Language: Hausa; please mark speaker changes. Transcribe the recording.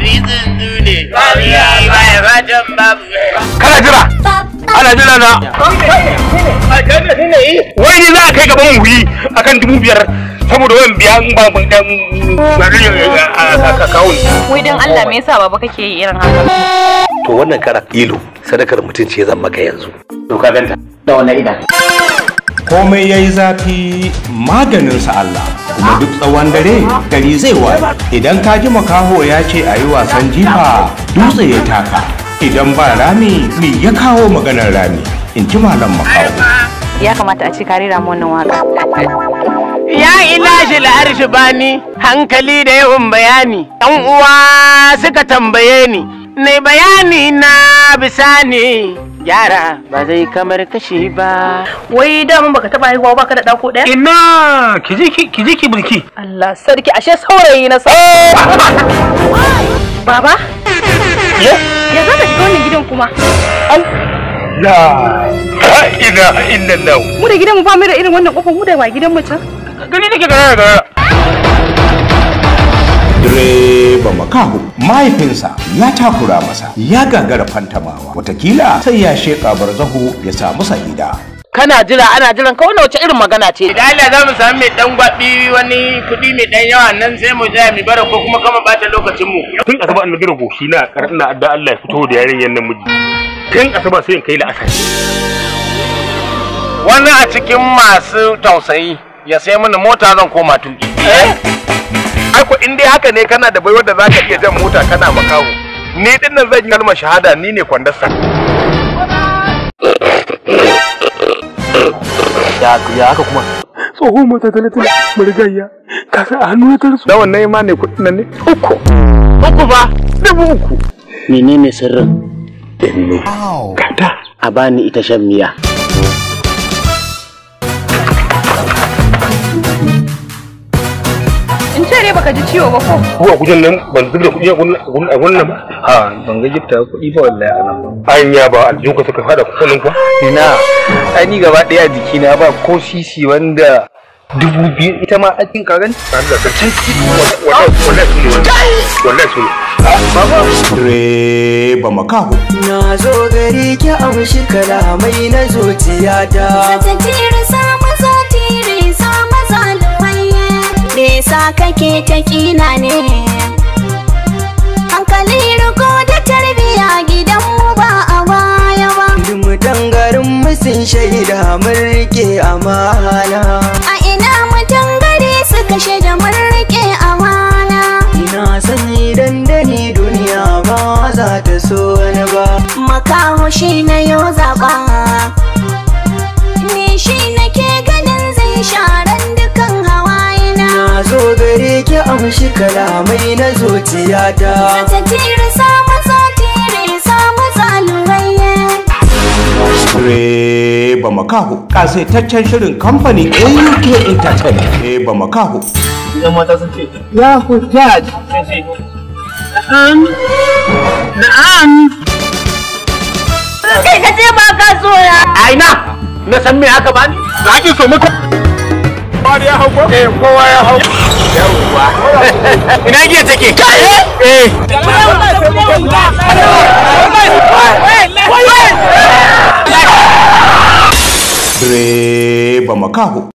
Speaker 1: Idrisin Dule. Bariya bai rajan babu. Kana jira. Ana jira na. Wai ni za a kai gaban wuyi akan dubu biyar saboda wayan biya in ba mun dan kakawun. Wai don Allah me yasa baba kake yi irin haka? To wannan kara ilo sadakar mutunci ce zan maka yanzu. To ka ganta. Da wannan idan. Komai yayi zafi maganin sa Allah. Ma duk tsawon dare gari zai waye idan ka ji makaho ya ce a yi wasan jifa dutse ya taka idan ba rami me ya kawo maganar rami in ji malam makaho ya kamata a ci kare rera wannan waka ya ilashi la'arshi bani hankali da yawan bayani ɗan uwa suka tambaye ni ne bayani na bisani yara. ba zai kamar kashi ba wai dama baka taba haihuwa baka da dako daya ina ki ji ki burki Allah sarki ashe saurayi na sa baba ya ya zaka shiga wannan gidan kuma an ya illa Allah mu da gidan mu fa mu da irin wannan kofar mu da wa gidan mu can gani nake gara gara direba makaho mahaifinsa ya takura masa ya gagara fantamawa watakila sai ya sheƙa barzahu ya samu sa'ida kana jira ana jiran ka wannan wace irin magana ce idan Allah za mu samu mai dan gwabi wani kuɗi mai dan yawa nan sai mu ja mu bara ko kuma kama bata lokacin mu tun asaba an gina goshi na karanna adda Allah ya fito da yarinyan nan miji tun asaba sai in kai la'asar wani a cikin masu tausayi ya sai mana mota zan koma tuki eh dai haka ne kana da baiwar da zaka iya jan mota kana makawo ni din nan zan kalmar shahada ni ne kwandarsa ya ya haka kuma tsohon mata talatin murgayya ka san hannu ya tarsu da wannan ma ne kudin nan ne uku uku ba dubu uku menene sirrin Kata. A bani ita shan miya. baka ji ciwo ba ko ko a gujen nan ban zub da kuɗi a gurin ba ha ban ga gifta kuɗi ba wallahi a nan ba anya ba aljihun ka suka fada kuɗin kuwa ina ai ni gaba ɗaya jikina ba ko sisi wanda dubu biyu ita ma a cikin kagan da ka ce wallahi su ne ba makaho na zo gare ki a mushi kalamai na zuciya ta kake ta kina ne hankali riko da tarbiya mu ba a waya ba mu garin mu sun shaida mun amana a ina mutan gari su shaida mun rike amana ina sanyi dandani duniya ba za ta so ni ba makaho shi na yau zaba shi kalamai na zuciyata Tatira samu zatire samu zalurayya Shire ba makaho taccen shirin kamfanin AUK Entertainment Shire ba makaho Idan mata sun ce ya hujjaj Na'am Na'am Kai ka ce ba ka so ya Aina na san me haka bani Za ki so muka Kowa ya hau ko? Eh kowa ya hau ina giya take kai eh direba makaho